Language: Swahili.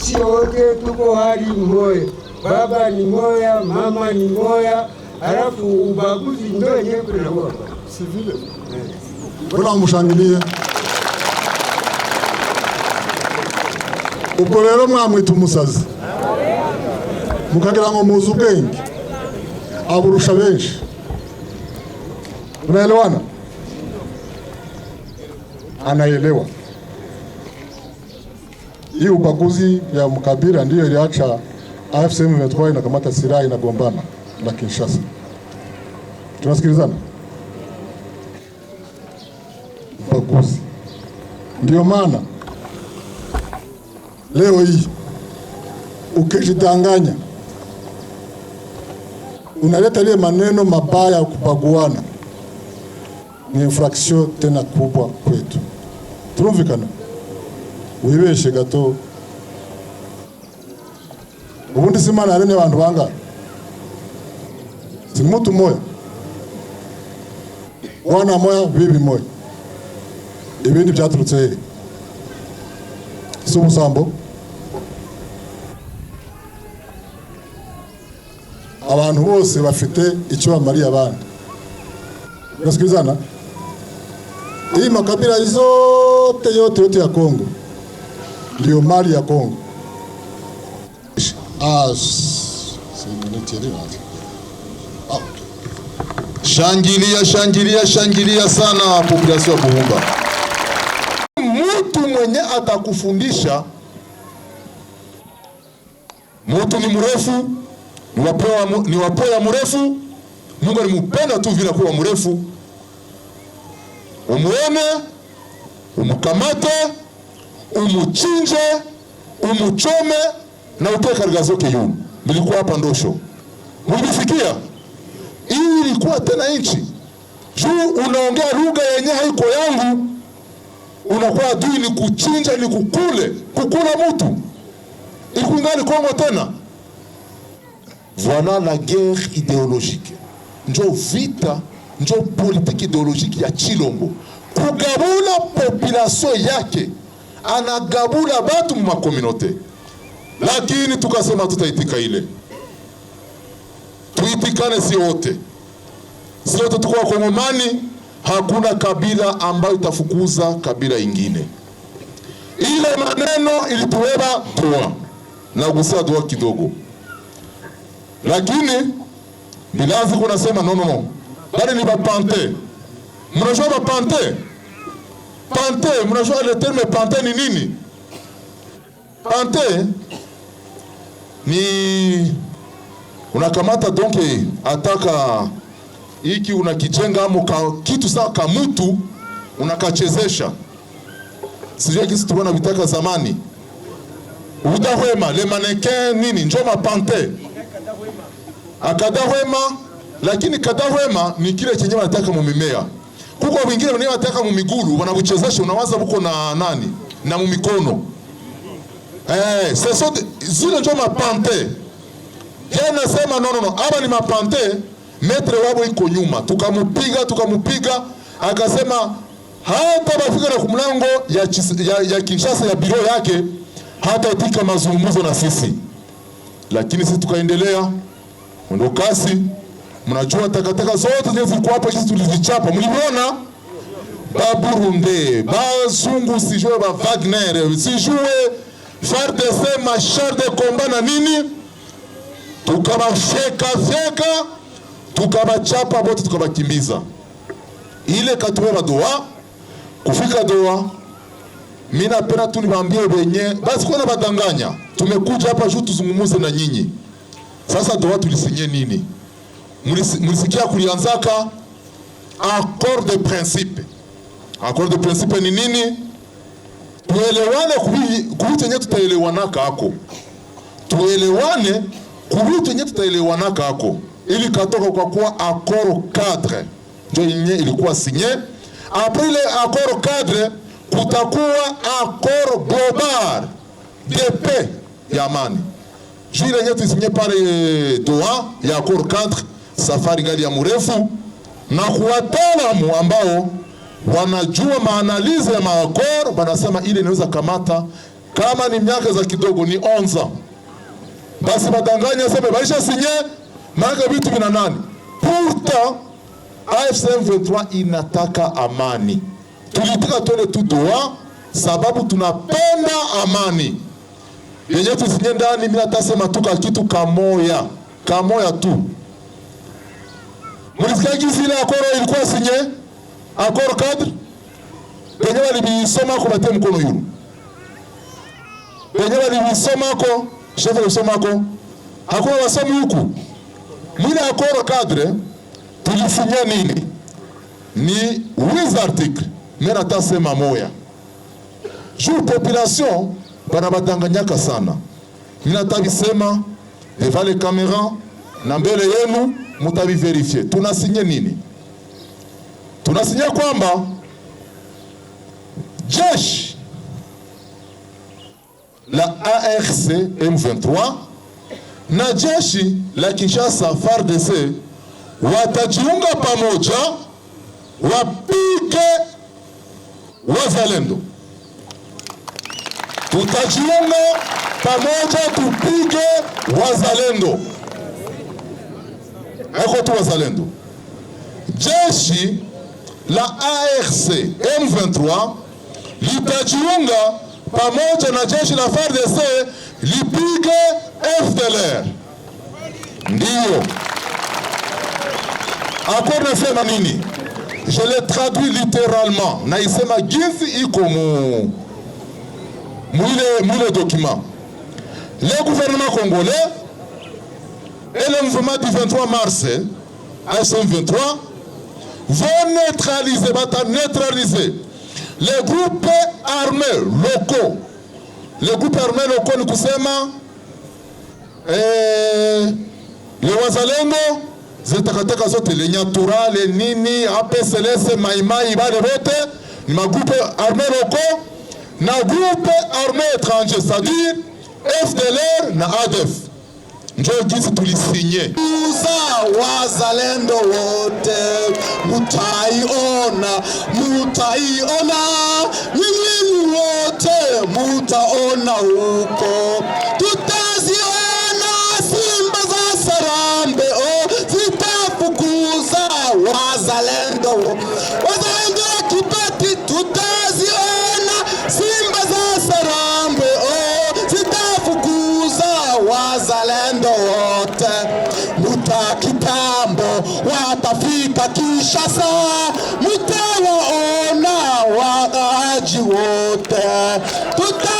sio wote tuko hali moya, baba ni moya, mama ni moya, halafu ubaguzi ndio yenyewe kunaua, si vile? Eh. Mbona mshangilie ubwo rero mwamwita umusazi mukagira ngo muzi ubwenge aburusha benshi unaelewana anaelewa hii ubaguzi ya mkabila ndiyo iliacha AFC M23 inakamata silaha inagombana na Kinshasa. Tunasikilizana? Ubaguzi. ndiyo maana leo hii ukijidanganya unaleta ile maneno mabaya ya kubaguana, ni infraction tena kubwa kwetu. Tunaumvikana? wibeshe gato ubundi si imana yaremye abantu bangana simutu moya wana moya bibi moya ibindi byaturutse he si ubusambo abantu bose bafite icyo bamariye abandi nasikizana iyi makabila zote yote yote ya Kongo ndio mali ya Kongo. As, shangilia shangilia shangilia sana population ya Buhumba. Mtu mwenye atakufundisha mutu ni mrefu ni wapoya mrefu, Mungu alimupenda tu vile kuwa mrefu, umuone umkamate umuchinje, umuchome na utoe karga zote yumu. Nilikuwa hapa Ndosho, mlifikia hii ilikuwa tena nchi juu unaongea lugha yenye haiko yangu, unakuwa adui ni kuchinja ni kukule kukula mtu ikungani Kongo tena. Voila la guerre idéologique, njo vita njo politique ideologiki ya Chilombo kugabula population yake anagabula batu mu makominote, lakini tukasema tutaitika ile, tuitikane si wote, si wote tuko Wakongomani. Hakuna kabila ambayo itafukuza kabila ingine. Ile maneno ilituweba droa na gusia droa kidogo, lakini bilazi kunasema no, no, no, bali ni bapante, mnajua bapante Pante, mnajua le terme pante ni nini? Pante ni unakamata donc ataka iki unakijenga ama kitu saa mutu unakachezesha, sijui kisi tulikuwa tunavitaka zamani, udahwema le maneke nini njo mapante akadahwema, lakini kadahwema ni kile chenye wanataka mumimea kuko wengine bunene bateka mumiguru miguru unawaza buko na nani na mu mikono eh seso zile njo mapante yeye nasema no no no hapa ni mapante metre wabo iko nyuma tukamupiga tukamupiga akasema hata bafika na kumlango ya, ya, ya Kinshasa ya biro yake hata itika mazungumzo na sisi, lakini sisi tukaendelea mwendo kasi Mnajua takataka zote zilizokuwa hapo sisi tulizichapa, mliona ba Burunde, ba Zungu, sijue ba Wagner, sijue FARDC, mashar de komba na nini, tukabafyeka fyeka, tukabachapa bote, tukabakimbiza ile katuwera doa kufika doa. mi napenda tu niwaambie wenye basi kwa badanganya, tumekuja hapa juu tuzungumuze na nyinyi. Sasa doa tulisinye nini? mulisikia kulianzaka accord de principe. Accord de principe ni nini? Tuelewane kuvitu nye tutaelewanaka ako, tuelewane kuvitu nye tutaelewanaka ako, ili katoka kwa kuwa accord cadre ndio yenye ilikuwa sinye. Après ile accord cadre kutakuwa accord global de paix ya amani, jile ile nye tusinye pale eh, Doha ya accord cadre safari gari ya mrefu na kuwataalamu ambao wanajua maanalize ya maakor wanasema ile inaweza kamata kama ni miaka za kidogo ni onza, basi madanganya sema baisha sinye maaka vitu vina nani. Pourtant AFC M23 inataka amani, tulitaka tuone tu doa, sababu tunapenda amani yenye tusinye ndani. Mimi natasema tuka kitu kamoya kamoya tu Ulisikia jinsi ile akoro ilikuwa sinye akoro kadr penye walivisoma ko batie mkono yulu penye walivisoma ko shefe usoma ko hakuna wasomi huku. Lile akoro kadre tulisinya nini? Ni wiz article mera tasema moya juu population bana batanganyaka sana, mina tabisema devant les na mbele yenu mutabiverifye. Tunasinye nini? Tunasinya kwamba jeshi la ARC M23 na jeshi la Kinshasa FARDC watajiunga pamoja, wapige wazalendo. Tutajiunga pamoja, tupige wazalendo. tu wazalendo. Jeshi la ARC M23 litajiunga pamoja na la FARDC FDLR. nasema Je le traduit littéralement, jinsi iko document le gouvernement congolais et le mouvement du 23 mars à 123 vont neutraliser, neutraliser les groupes armés locaux. Les groupes armés locaux nous kusema eh, les le les les les le Nyatura nini APCLS maimai les bote les groupes armés locaux les groupes armés étrangers c'est-à-dire FDLR na ADF. Njoo jinsi tulisinye uza wazalendo wote, mutaiona mutaiona, nyinyi wote mutaona huko kitambo watafika Kinshasa, mutawaona wakaaji wote tuta